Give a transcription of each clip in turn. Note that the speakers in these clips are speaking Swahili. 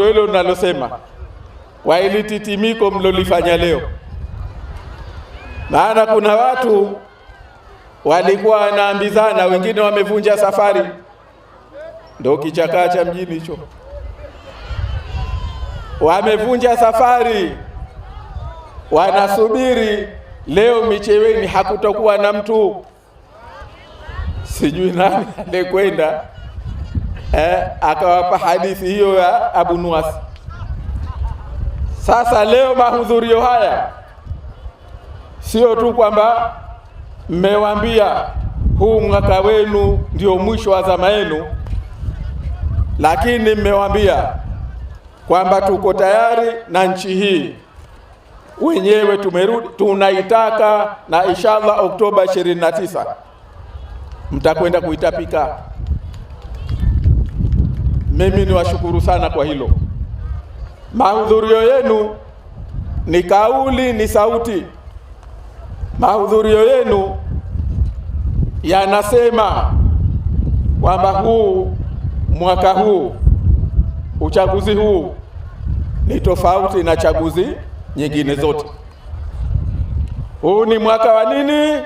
ndo hilo nalosema kwa ili titimiko mlolifanya leo, maana kuna watu walikuwa wanaambizana, wengine wamevunja safari, ndo kichakaa cha mjini hicho, wamevunja safari, wanasubiri leo Micheweni hakutakuwa na mtu, sijui nani alikwenda eh, akawapa hadithi hiyo ya Abu Nuwas. Sasa leo mahudhurio haya sio tu kwamba mmewambia huu mwaka wenu ndio mwisho wa zama yenu, lakini mmewambia kwamba tuko tayari na nchi hii wenyewe tumerudi, tunaitaka na inshallah Oktoba 29 mtakwenda kuitapika. Mimi niwashukuru sana kwa hilo. Mahudhurio yenu ni kauli, ni sauti. Mahudhurio yenu yanasema kwamba huu mwaka huu uchaguzi huu ni tofauti na chaguzi nyingine zote. Huu ni mwaka wa nini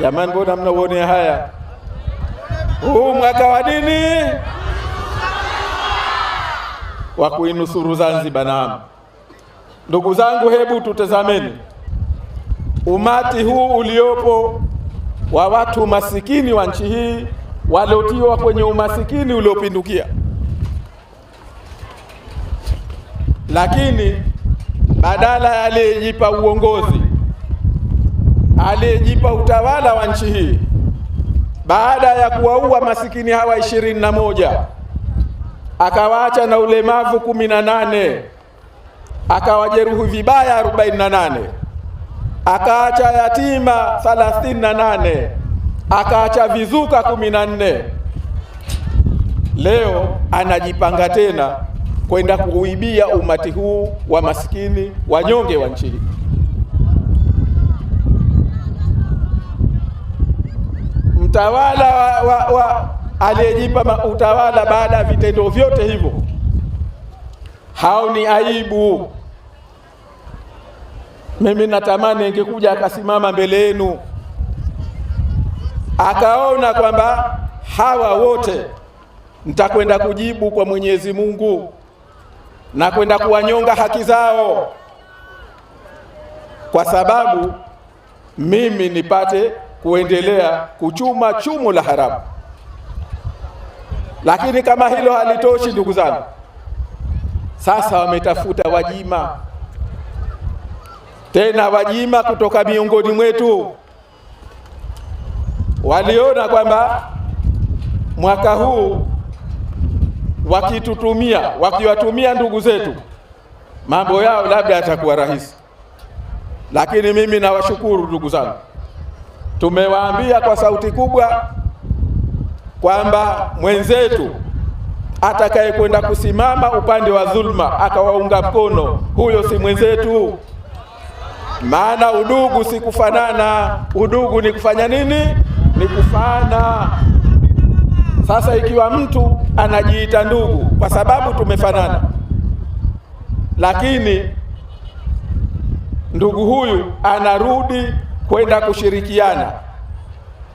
jamani? Mbona mnauonea haya? huu mwaka wa dini wa kuinusuru Zanzibar. naam ndugu zangu, hebu tutazameni umati huu uliopo wa watu masikini wa nchi hii waliotiwa kwenye umasikini uliopindukia, lakini badala ya aliyejipa uongozi, aliyejipa utawala wa nchi hii baada ya kuwaua masikini hawa ishirini na moja akawaacha na ulemavu kumi na nane akawajeruhi vibaya arobaini na nane akaacha yatima thalathini na nane akaacha vizuka kumi na nne Leo anajipanga tena kwenda kuuibia umati huu wa masikini wanyonge wa nchi hii. utawala wa, wa, wa aliyejipa utawala baada ya vitendo vyote hivyo, hao ni aibu. Mimi natamani ingekuja akasimama mbele yenu akaona kwamba hawa wote nitakwenda kujibu kwa Mwenyezi Mungu na kwenda kuwanyonga haki zao, kwa sababu mimi nipate kuendelea kuchuma chumo la haramu. Lakini kama hilo halitoshi, ndugu zangu, sasa wametafuta wajima tena, wajima kutoka miongoni mwetu waliona kwamba mwaka huu wakitutumia, wakiwatumia ndugu zetu, mambo yao labda yatakuwa rahisi. Lakini mimi nawashukuru ndugu zangu. Tumewaambia kwa sauti kubwa kwamba mwenzetu atakayekwenda kusimama upande wa dhulma akawaunga mkono, huyo si mwenzetu. Maana udugu si kufanana, udugu ni kufanya nini? Ni kufana. Sasa ikiwa mtu anajiita ndugu kwa sababu tumefanana, lakini ndugu huyu anarudi kwenda kushirikiana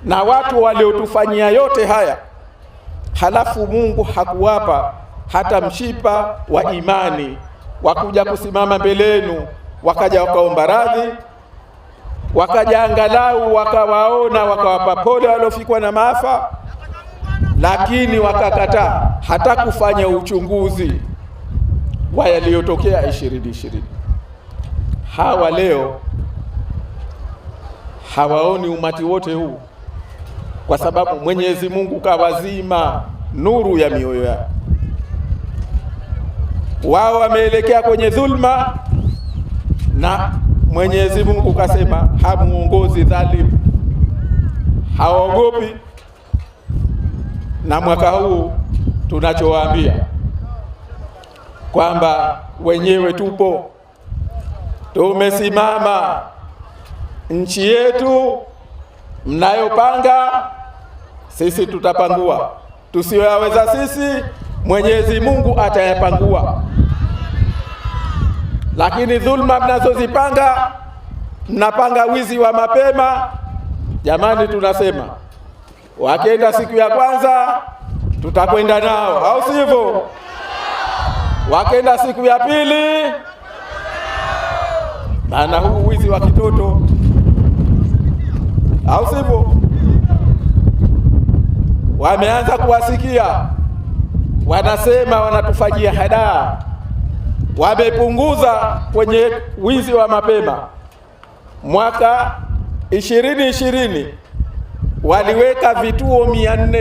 na watu waliotufanyia yote haya, halafu Mungu hakuwapa hata mshipa wa imani wa kuja kusimama mbele yenu, wakaja wakaomba radhi, wakaja angalau wakawaona, wakawapa pole waliofikwa na maafa, lakini wakakataa hata kufanya uchunguzi wa yaliyotokea 2020 hawa leo hawaoni umati wote huu, kwa sababu Mwenyezi Mungu kawazima nuru ya mioyo yao. Wao wameelekea kwenye dhulma, na Mwenyezi Mungu kasema hamuongozi dhalimu, hawaogopi. Na mwaka huu tunachowaambia kwamba wenyewe tupo, tumesimama nchi yetu mnayopanga, sisi tutapangua. Tusiyoyaweza sisi, Mwenyezi Mungu atayapangua, lakini dhulma mnazozipanga, mnapanga wizi wa mapema. Jamani, tunasema wakienda siku ya kwanza tutakwenda nao, au sivyo? Wakienda siku ya pili, maana huu wizi wa kitoto au sivyo wameanza kuwasikia, wanasema wanatufajia hadaa, wamepunguza kwenye wizi wa mapema. Mwaka ishirini ishirini waliweka vituo mia nne.